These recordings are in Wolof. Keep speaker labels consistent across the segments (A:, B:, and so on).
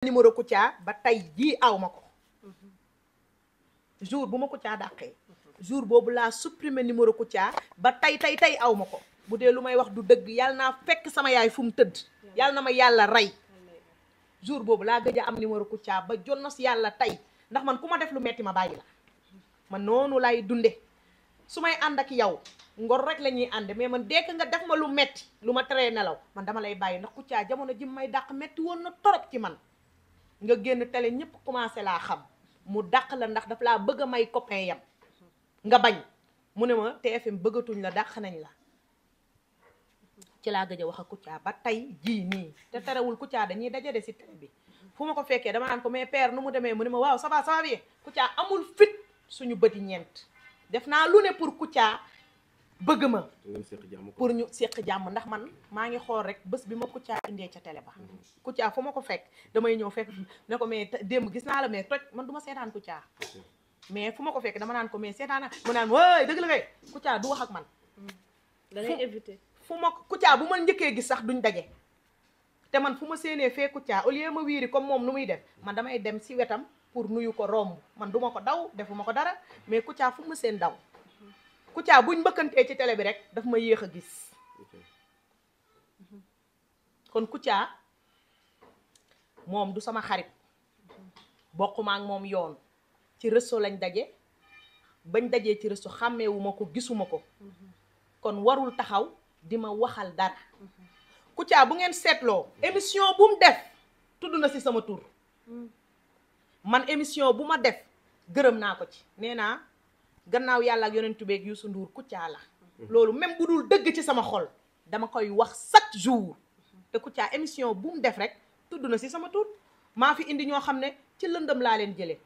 A: numéro Kouthia ba tey jii aw ma ko jour bu ma Kouthia dàqee jour boobu laa supprimer numéro Kouthia ba tey tey tey aw ko bu dee lu may wax du dëgg yàlla naa fekk sama yaay fu mu tëdd yàlla na ma yàlla rey jour boobu laa gëj a am numéro Kouthia ba jonnos yàlla tey ndax man ku ma def lu metti ma bàyyi la man noonu lay dunde su may ànd ak yow ngor rek la ñuy ànd mais man dekk nga def ma lu metti lu ma teree nelaw man dama lay bàyyi ndax Kouthia jamono ji may dàq metti woon na ci man nga génn télé ñëpp commencé laa xam mu dàq la ndax daf laa bëgg a may copain yam nga bañ mu ne ma TFM bëggatuñ la dàq nañ la ci laa gëj a wax ak Kouthia ba tey jii nii te terewul Kouthia dañuy dajale si télé bi fu ma ko fekkee dama naan ko mais père nu mu demee mu ne ma waaw ça va ça va amul fit suñu bëti ñeent def naa lu ne pour Kouthia bëgg ma pour ñu séq jàmm ndax man maa ngi xool rek bés bi ma Kouthia indee ca télé ba mm-hmm. Kouthia fu ma ko fekk damay ñëw fekk ne ko mais démb gis naa la mais toj man duma ma seetaan Kouthia mais fu ma ko fekk dama naan ko mais seetaan naa naan waay dëgg la kay Kouthia du ak man mm. da ngay éviter fu ma Kouthia bu ma njëkkee gis sax duñ daje te man fu ma séenee fee Kouthia au lieu ma wiiri comme moom nu muy def man damay dem si wetam pour nuyu ko romb man duma ko daw defuma ko dara mais Kouthia fu ma seen daw Kouthia buñ mbëkkantee ci télé bi rek dafa ma yéex a gis mm-hmm. kon Kouthia moom du sama xarit mm-hmm. bokkuma ak moom yoon ci réseau lañ daje bañ dajee ci réseau xàmmewuma ko gisuma ko mm-hmm. kon warul taxaw di ma waxal dara Kouthia bu ngeen seetloo émission bu mu def tudd na ci sama tur mm. man émission bu ma def gërëm naa ko ci nee naa gannaaw yàlla ak yonentu beeg Youssou Ndour Kouthia la loolu même bu dul dëgg ci sama xol dama koy wax chaque jour te Kouthia émission bu def rek tudd na si sama tuut maa fi indi ñoo xam ne ci lëndëm laa leen jëlee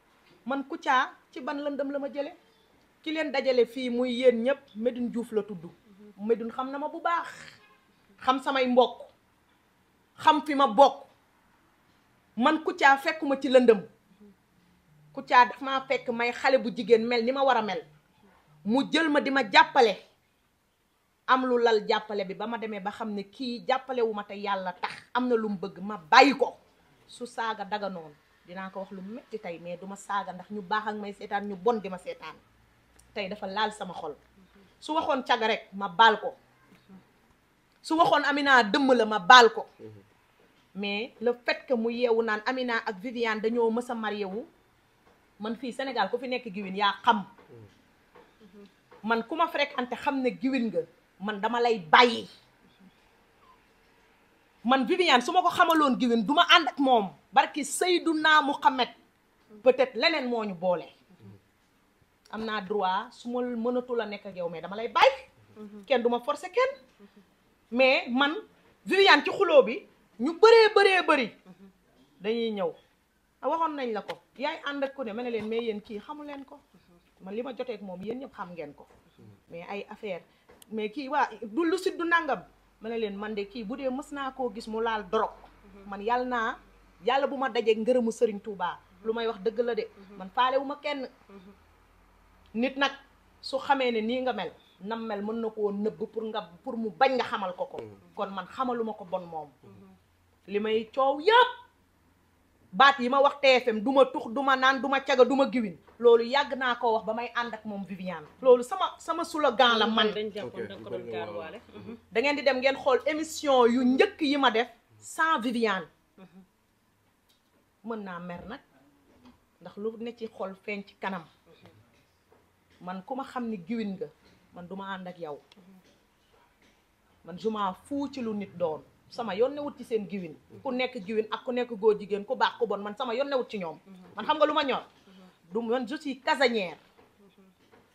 A: man Kouthia ci ban lëndëm la ma jële ki leen dajale fii muy yéen ñëpp Medoune Diouf la tudd Medoune xam na ma bu baax xam samay mbokk xam fi ma bokk man Kouthia fekkuma ci lëndëm Kouthia daf maa fekk may xale bu jigéen mel ni ma war a mel mu jël ma di ma jàppale am lu lal jàppale bi ba ma demee ba xam ne kii jàppale ma te yàlla tax am na lu mu bëgg ma bàyyi ko su saaga daga noonu dinaa ko wax lu metti tey mais du ma saaga ndax ñu baax ak may seetaan ñu bon di ma seetaan tey dafa laal sama xol su waxoon caga rek ma baal ko su waxoon Amina dëmm la ma baal ko mais le fait mu yeewu naan Amina ak Viviane dañoo mës a marié wu man fii Sénégal ko fi nekk giwin yaa xam man ku ma fréquenté xam ne giwin nga man dama lay bàyyi man Viviane su ma ko xamaloon giwin du ma ànd ak moom barki Seydouna Muhammad peut-être leneen moo ñu boole am naa droit su ma mënatul a nekk yow mais dama lay bàyyi kenn du ma forcer kenn mais man Viviane ci xuloo bi ñu bëree bëree bëri dañuy ñëw ah, waxoon nañ la ko yaay ànd ak ku ne ma ne leen mais yéen kii xamu leen ko man li ma joteek moom yéen ñëpp xam ngeen ko mais ay affaire mais kii waa du lu sit du nangam ma ne leen man de kii bu dee mës naa koo gis mu laal dorog man yàlla naa yàlla bu ma dajee ngërëmu sëriñ Touba lu may wax dëgg la de man faale wu ma kenn nit nag su xamee ne nii nga mel nam mel mën na koo nëbb pour nga pour mu bañ nga xamal ko ko mm-hmm. kon man xamaluma ko bon moom li may coow yëpp baat yi ma wax TFM du ma tux duma naan du ma caga du giwin loolu yàgg naa koo wax ba may ànd ak moom Viviane loolu sama sama slogan la man mhm. da ngeen di dem ngeen xool émission yu njëkk yi ma def sans Viviane mën naa mer nag ndax lu ne ci xol feeñ ci kanam man ku ma xam ni giwin nga man duma ànd ak yow man je m'en ci lu nit doon sama yoon wut ci seen giwin ku nekk giwin ak ku nekk goo jigéen ku baax ku bon man sama yoon newut ci ñoom man xam nga lu ma ñor du man je suis casanière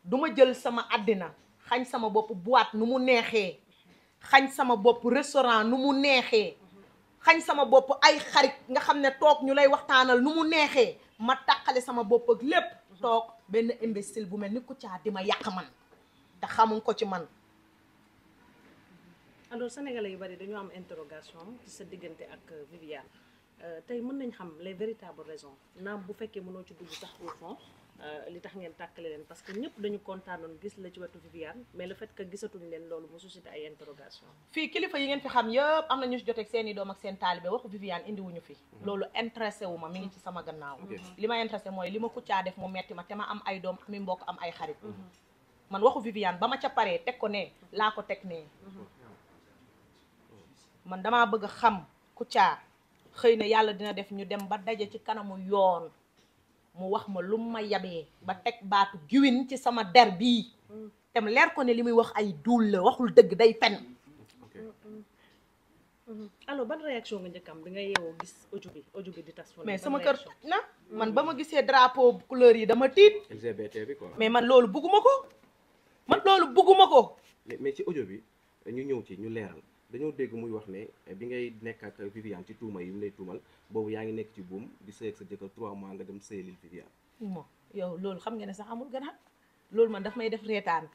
A: du ma jël sama àddina xañ sama bopp boîte nu mu neexee xañ sama bopp restaurant nu mu neexee xañ sama bopp ay xarit nga xam ne toog ñu lay waxtaanal nu mu neexee ma tàqale sama bopp ak lépp toog benn imbécile bu mel ni ku caa di ma yàq man te xamuñ ko ci man alors sénégalais yu bari dañoo am interrogation ci sa diggante ak euh, Viviane euh, tey mën nañ xam les véritables raisons naam bu fekkee mënoo ci dugg sax au fond euh, li tax ngeen tàkkale leen parce que ñëpp dañu kontaanoon gis la ci wetu Viviane mais le fait que gisatuñ leen loolu mu suscité ay interrogation fii kilifa yi ngeen fi xam yëpp am na ñu si joteeg seen i doom ak seen taalibe waxu Viviane indi wuñu fi mhm. loolu intéressé wu ma mi ngi ci sama gannaaw mhm. li ma intéressé mooy li ma kuccaa def mu metti ma te ma am ay doom ami mbokk am ay xarit mhm. man waxu Viviane ba ma ca paree teg ko ne laa ko teg ne man damaa bëgg xam Kouthia xëy na yàlla dina def ñu dem ba daje ci kanamu yoon mu wax ma lu ma yabee ba teg baatu giwin ci sama der bii mm. tem leer ko ne li muy wax ay duul la waxul dëgg day fen mm, mm, alors ban réaction nga njëkk am bi nga yeewoo gis audio bi audio mais sama kër na man ba ma gisee drapeau couleurs yi dama tiit LGBT bi quoi mais man loolu bugguma ko man loolu bugguma ko mais ci audio bi ñu ñëw ci ñu leeral dañoo dégg muy wax ne eh, bi ngay nekk ak Viviane ci tuuma yi mu lay tuumal boobu yaa ngi nekk ci buum di sëy ak sa jëkkër 3 mois nga dem sëyalil Viviane. mo yow loolu xam nga ne sax amul gannaaw loolu man daf may def reetaan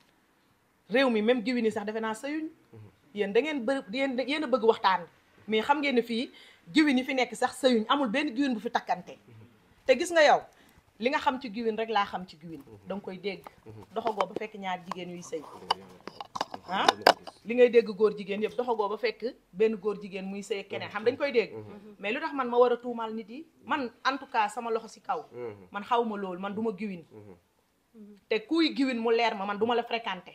A: réew mi même yi sax defe naa sëyuñ mhm. yéen da ngeen bë yéen yéen bëgg waxtaan mais xam ngeen ne fii giwin yi fi nekk sax sëyuñ amul benn giwin bu fi takkante mhm. te gis nga yow li nga xam ci giwin rek laa xam ci giwin mhm. da nga koy dégg doxagoo ba fekk ñaar jigéen yuy sëy ah li ngay dégg góor jigéen yëpp goo ba fekk benn góor jigéen muy sëy keneen xam dañ koy dégg mhm. Mhm. mais lu tax man ma war a tuumaal nit yi man en tout cas sama loxo ci kaw mhm. man ma loolu man duma ma giwin te kuy giwin mu leer ma man du ma la fréquenté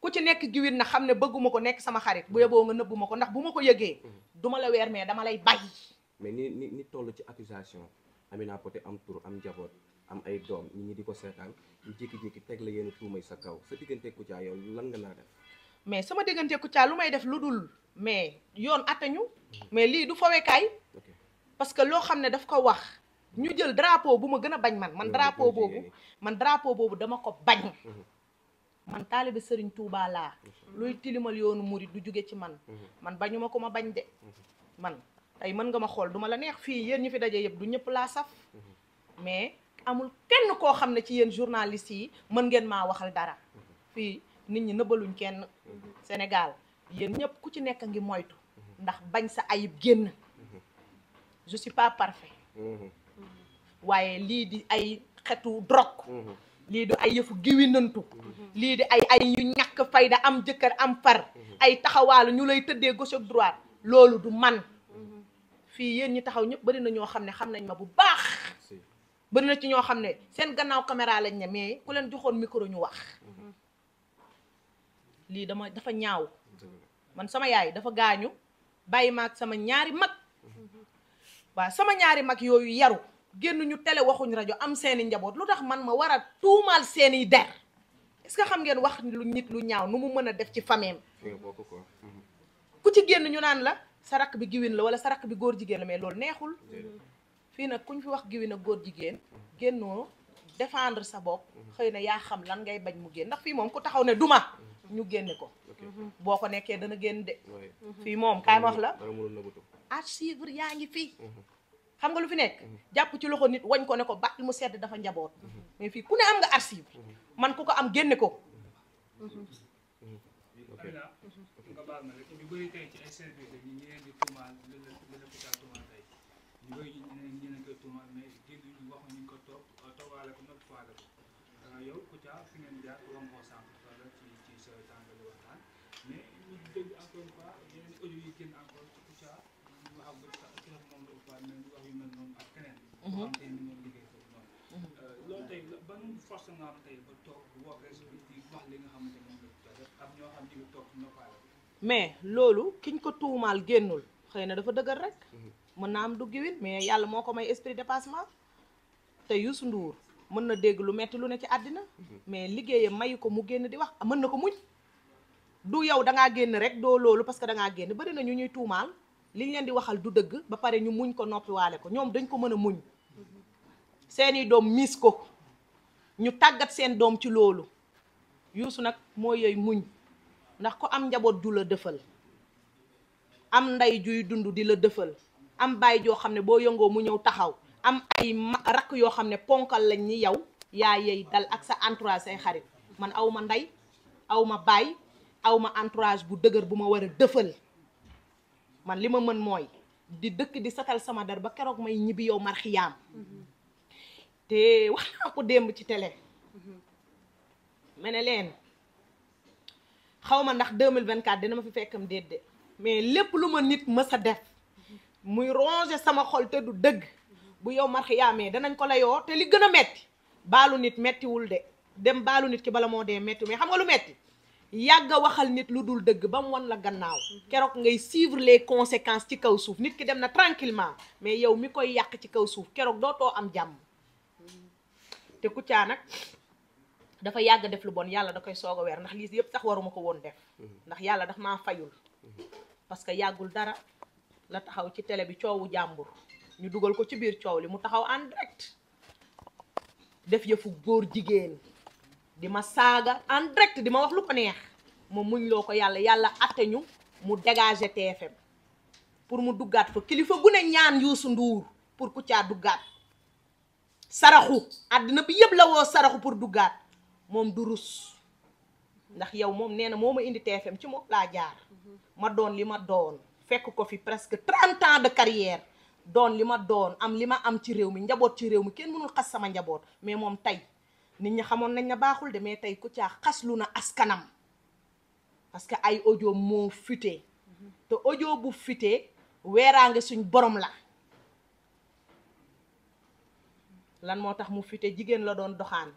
A: ku ci nekk giwin na xam ne bëgguma ko nekk sama xarit bu yeboo nga nëbbu ma ko ndax bu ma ko yëgee duma la weer mais dama lay bàyyi mais ni ni ni toll ci accusation Amina Poté am tur am njaboot am ay doom nit ñi di ko seetaan ñu jékki-jékki teg la yenn tuumay sa kaw sa diggante ku caa yow lan nga naa def mais sama diggante Kouthia lu may def lu dul mais yoon attañu mais lii du fawekaay parce que loo xam ne daf ko wax ñu jël drapeau bu ma gën a bañ man man drapeau boobu eh. man drapeau boobu dama ko bañ mhm. man taalibe sëriñ Touba laa mhm. luy tilimal yoonu murit du jóge ci man mhm. man bañuma ko ma bañ de man tey mën nga ma xool duma la neex fii yéen ñu fi daje yëpp du ñëpp laa saf mais amul kenn koo xam ne ci yéen journaliste yi mën ngeen maa waxal dara fii nit ñi nëbbaluñ kenn mhm. Sénégal yéen ñépp ku ci nekk ngi moytu ndax bañ sa ayib génn mhm. je suis pas parfait mhm. waaye lii di ay xetu drogue lii di ay yëfu giwinantu lii di ay ay ñu ñàkk fayda am jëkkër am far ay taxawaalu ñu lay tëddee gauche ak droite loolu du man fii yéen ñi taxaw ñëpp bari na ñoo xam ne xam nañ ma bu baax bari na ci ñoo xam ne seen gannaaw caméra lañ ne ku leen joxoon micro ñu wax lii dama dafa ñaaw man sama yaay dafa gaañu bàyyi ma ak sama ñaari mag waaw sama ñaari mag yooyu yaru génn ñu tele waxuñ rajo am seeni njaboot lu tax man ma war a tuumaal seeni der est-ce que xam ngeen wax lu nit lu ñaaw nu mu mën a def ci fameem
B: mhm.
A: ku ci génn ñu naan la sa raq bi giwin la wala sa rakk bi góor jigéen la mais loolu neexul fii nag kuñ fi wax giwin a góor jigéen génnoo défendre sa bopp mhm. xëy na yaa xam lan ngay bañ mu génn ndax fii moom ku taxaw ne duma mhm. ñu génne ko mhm. boo ko nekkee dana génn de mhm. fii moom kaay ma wax la à yaa ngi fii mhm. xam nga lu fi nekk jàpp ci loxo nit wañ ko ne ko bàtt mu sedd dafa njaboot mais fii ku ne am nga archive man ku ko am génne ko li la li la pital tuumaal tey ñu bëri ñu ne ñu leen koy tuumaal mais ñu ko toog toogaale ko nag faale ko euh, comme mhm. mhm. euh, loolu mais loolu kiñ ko tuumaal génnul xëy na dafa dëgër rek. Mhm. mën naa am du mais yàlla moo ko may esprit dépassement te Youssou Ndour mën na dégg lu metti lu ne ci àddina mais liggéeyam mayu ko mu génn di wax mën na ko muñ. du yow dangaa génn rek doo loolu parce que da ngaa génn bari na ñu ñuy tuumaal liñ leen di waxal du dëgg ba pare ñu muñ ko noppiwaale ko ñoom dañ ko mën a muñ seeni doom miis ko ñu tàggat seen doom ci loolu yuusu nag moo yooyu muñ ndax ko am njaboot du la dëfal am ndey juy dund di la dëfal am bàyyi joo xam ne boo yëngoo mu ñëw taxaw am ay rakk yoo xam ne ponkal lañ ñi yow yaa yey dal ak sa entourage say xarit man aw ma ndey aw ma bàyyi aw ma entourage bu dëgër bu ma war a dëfal man li ma mën mooy di dëkk di satal sama dar ba keroog may ñibbi yow marxiyaam te wax naa ko démb ci télé. ma ne leen xaw ma ndax deux mille vingt quatre dina ma fi fekkam déet de mais lépp lu ma nit mës a def muy ronger sama xol te du dëgg bu yow marxiyaamee danañ ko la yoo te li gën a metti baalu nit mettiwul de dem baalu nit ki bala moo dee metti mais xam nga lu metti yàgg a waxal nit lu dul dëgg ba mu wan la gannaaw mhm. keroog ngay suivre les conséquences ci kaw suuf nit ki dem na tranquillement mais yow mi koy yàq ci kaw suuf keroog dootoo am jàmm te Kouthia nag dafa yàgg def lu bon yàlla da koy soog a weer ndax lii yëpp sax waruma ko woon def mhm. ndax yàlla daf maa fayul mhm. parce que yàggul dara la taxaw ci tele bi coowu jàmbur ñu dugal ko ci biir coow li mu taxaw en direct def yëfu góor jigéen di ma saaga en direct di ma wax lu ko neex ma muñ loo ko yàlla yàlla atte ñu mu dégagé TFM pour mu duggaat fa kilifa gu ne ñaan Youssou nduur pour ku Kouthia duggaat saraxu àddina bi yëpp la woo saraxu pour duggaat moom du rus ndax yow moom nee na moo ma indi TFM ci moom laa jaar ma doon li ma doon fekk ko fi presque trente ans de carrière doon li ma doon am li ma am ci réew mi njaboot ci réew mi kenn mënul xas sama njaboot mais moom tey nit ñi xamoon nañ na baaxul de mais tey ku ca xaslu na askanam parce que ay audio moo fuité te audio bu fuité weeraange suñ borom la lan moo tax mu fuité jigéen la doon doxaan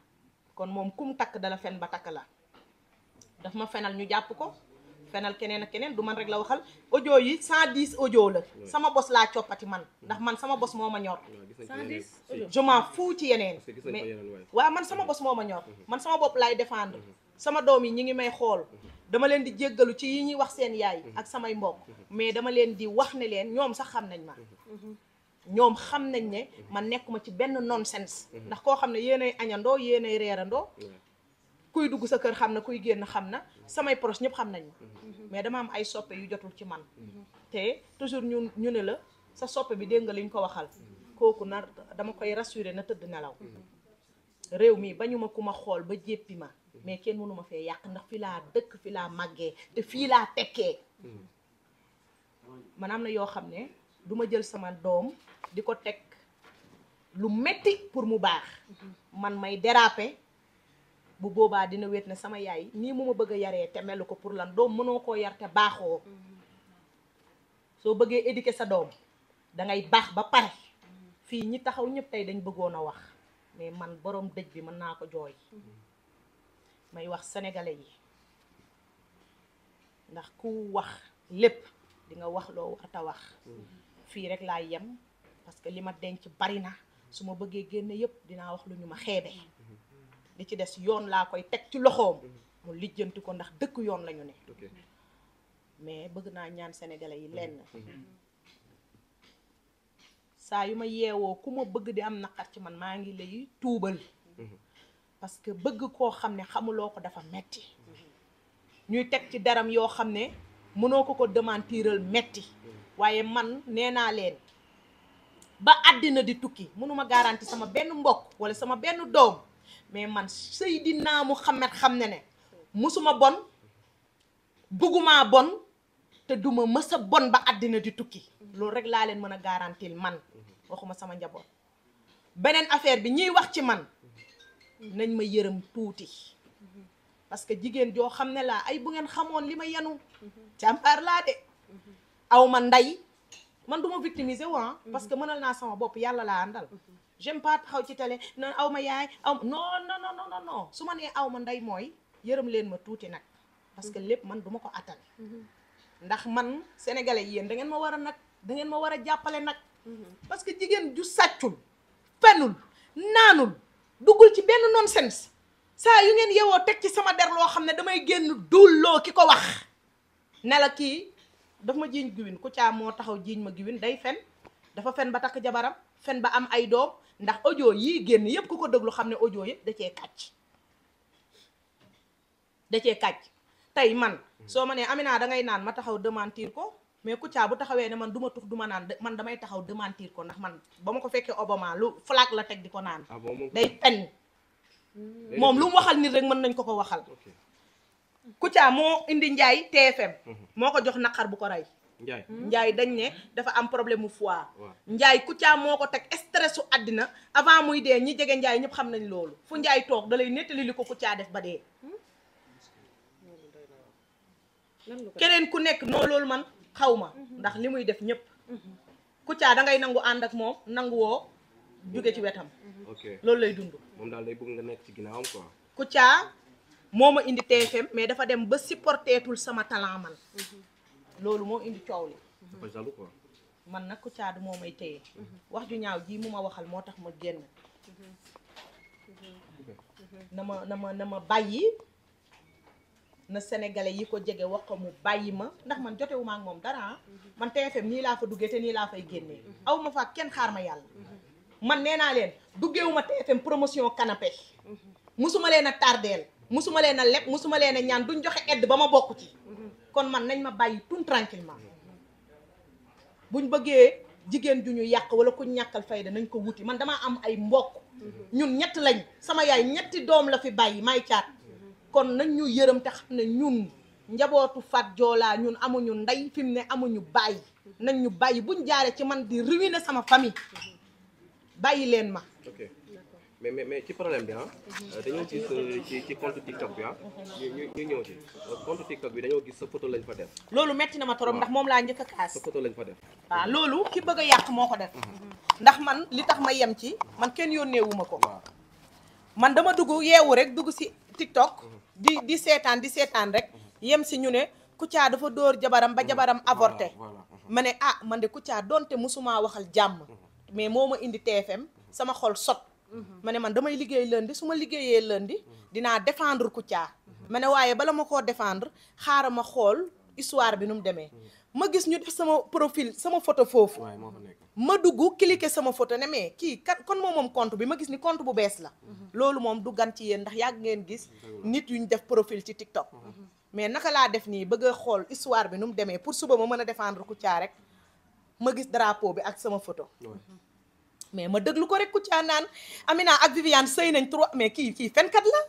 A: kon moom kum takk dala fen ba takk la daf ma fenal ñu jàpp ko fenal keneen ak keneen du man rek la waxal audio yi 110 audio la sama bos laa coppati man ndax man sama bos moom a ñor 110 je m'en fous ci yeneen mais waaw man sama bos moo ma ñor mhm. man sama bopp laay défendre mhm. sama doom yi ñu ngi may xool mhm. dama leen di jéggalu ci yi ñuy wax seen yaay ak samay mbokk mais dama leen di wax ne leen ñoom sax xam nañ ma ñoom xam nañ ne man nekkuma ci benn nonsense ndax koo xam ne yéenay añandoo yéenay reerandoo kuy dugg sa kër xam na kuy génn xam na samay proche ñëpp xam nañ ma mhm. mais dama am ay soppe yu jotul ci man mhm. te toujours ñu ñu ne la sa soppe bi dégg nga ñu ko waxal mhm. kooku na dama koy rassurer na tëdd nelaw réew mii bañu ma ku ma xool ba jéppi ma mais kenn mënuma fee yàq ndax fi laa dëkk fi laa màggee te fii laa tekkee man am na yoo xam ne duma jël sama doom di ko teg lu metti pour mu baax man may déraper bu boobaa dina wéet ne sama yaay nii mu ma bëgg a yaree te melu ko pour lan doom mënoo koo yar te baaxoo soo bëggee éduquer sa doom dangay baax ba pare fii ñi taxaw ñëpp tey dañ bëggoon a wax mais man borom dëj bi mën naa ko jooy may wax sénégalais yi ndax ku wax lépp di nga wax loo warta wax fii rek laa yem parce que li ma denc bari na su ma bëggee génn yëpp dinaa wax lu ñu ma xeebe li ci des yoon laa koy teg ci loxoom mhm. mu lijjanti ko ndax dëkk yoon lañu ñu ne mais bëgg naa ñaan sénégalais yi mhm. lenn mhm. saa yu ma yeewoo ku ma bëgg di am naqar ci man maa ngi lay tuubal parce que bëgg koo xam ne xamuloo ko dafa metti ñuy teg ci daram yoo xam ne mënoo ko ko demantiiral metti waaye man nee naa leen ba àddina di tukki mënuma garanti sama benn mbokk walla sama benn doom mais man Seydina Muhammad xam ne ne musuma bon bëgguma bon te duma mës a bon ba àddina di tukki loolu rek laa leen mën a garantil man waxuma sama njaboot beneen affaire bi ñuy wax ci man nañ ma yërëm tuuti parce que jigéen joo xam ne laa ay bu ngeen xamoon li ma yenu jàmbaar laa de aw ma ndey man du ma victimiser waa ah. parce que mënal naa sama bopp yàlla laa àndal j'aime pas taxaw ci télé nan aw ma yaay aw non non non non su ma nee aw ma ndey mooy yërëm leen ma tuuti nag parce que lépp man duma ko attan ndax man sénégalais yéen da ngeen ma war a nag da ngeen ma war a jàppale nag parce que jigéen ju sàccul fenul naanul duggul ci benn nonsense saa yu ngeen yewoo teg ci sama der loo xam ne damay génn duulloo ki ko wax nela la kii daf ma jiiñ giwin ku caa moo taxaw jiiñ ma giwin day fen dafa fen ba takk jabaram fen ba am ay doom ndax audio yi génn yépp ku ko déglu xam ne audio yépp da cee kàcc da cee kàcc tey man soo ma nee Amina da ngay naan ma taxaw démentir ko mais Kouthia bu taxawee ne man du tux du ma naan man damay taxaw démentir ko ndax man ba ma ko fekkee Obama lu flag la teg di ko naan ah, day fen moom lu mu waxal nit rek mën nañ ko ko waxal Kouthia moo indi Ndiaye TFM mhm. moo ko jox naqar bu ko rey
B: Njaay hmm? Njaay
A: dañ ne dafa am problème mu foie. Njaay Kouthia moo ko teg stress su àddina avant muy dee ñi jege Njaay ñëpp xam nañ loolu fu Njaay toog dalay nettali li ko Kouthia def ba dee.
B: Hmm? keneen ku nekk
A: noonu loolu man xaw ma hmm. ndax li muy def ñëpp. Kouthia da ngay nangu ànd ak moom nangu woo jóge ci wetam. loolu lay dund.
B: moom daal day bëgg nga nekk ci ginnaawam quoi.
A: Kouthia moo ma indi TFM mais dafa dem ba supporteetul sama talent loolu moo indi coow li man nag ku caadu moo may téye wax ju ñaaw jii mu ma waxal moo tax ma génn na ma na ma na ma bàyyi na sénégalais yi ko jege wax ko mu bàyyi ma ndax man jotewuma ak moom dara ah. man TFM nii laa fa duggee te nii laa fay génne aw ma fa kenn xaar ma yàlla man nee naa leen duggewuma TFM promotion canapé musuma leen a tardeel musuma leen a leb musuma leen a ñaan duñ joxe edd ba ma bokk ci kon man nañ ma bàyyi tout tranquillement buñ bëggee jigéen ju ñu yàq wala ku ñàkkal fayda nañ ko wuti man damaa am ay mbokk ñun ñett lañ sama yaay ñetti doom la fi bàyyi may caat kon nañ ñu yërëm te xam ne ñun njabootu Fat Joolaa ñun amuñu ndey fi ne amuñu bàyyi nañ ñu bàyyi buñ jaaree ci man di ruiner sama famille bàyyi leen ma mais mais mais ci problème bi ah. Mhm. Euh, dañoo gis euh, ci ci compte TikTok bi ah. Mhm. ñu ñu ñëw ci euh, bi dañoo gis sa photo lañ fa def. loolu metti na ma trop ndax moom laa njëkk a kaas. sa photo lañ fa ah, loolu ki bëgg a yàq moo ko def. Mhm. ndax man li tax ma yem ci man kenn yónneewu ma ko. man dama dugg yeewu rek dugg si TikTok. di di seetaan di seetaan rek. yem si ñu ne Kouthia dafa dóor jabaram ba jabaram avorté. ma ne ah man de Kouthia donte musuma waxal jàmm. mais moo ma indi TFM sama xol sot. Mm-hmm. ma ne man damay liggéey lundi su ma liggéeyee lundi mm-hmm. dinaa défendre Kouthia mm-hmm. ma ne waaye bala ma koo defendre xaaral ma xool histoire bi nu mu demee ma gis ñu sama profil sama photo foofu ma dugg cliquer sama photo ne kii kat kon moom moom compte bi ma gis ni compte bu bees la loolu moom du gan ci yéen ndax yàgg ngeen gis nit yu ñu def profil ci TikTok mais naka laa def nii bëgg a xool histoire bi nu mu demee pour suba ma mën a défendre Kouthia rek ma gis drapeau bi ak sama photo mais ma déglu ko rek ku caa naan Amina ak Viviane sëy nañ trois mais kii kii fenkat la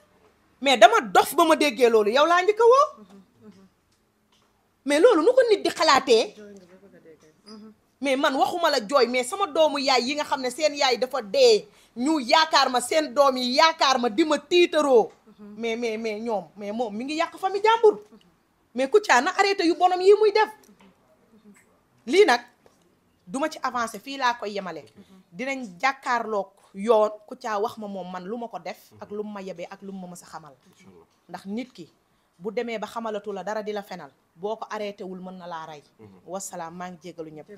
A: mais dama dof ba ma déggee loolu yow laa njëkk a woo mais loolu nu ko nit di xalaatee mais man waxuma la jooy mais sama doomu yaay yi nga xam ne seen yaay dafa dee ñu yaakaar ma seen doom yi yaakaar ma di ma tiitaroo mais mais mais ñoom mais moom mi ngi yàq famille jàmbur mais Kouthia na arrêté yu bonam yi muy def lii nag duma ci avancé fii laa koy yemale dinañ jàkkaarlook yoon ku caa wax ma moom man lu ma ko def ak lu mu ma yebee ak lu mu ma mës a xamal ndax nit ki bu demee ba xamalatu la dara di la fenal boo ko arrêté wul mën na laa rey mhm. wasalaam maa ngi jégalu ñëpp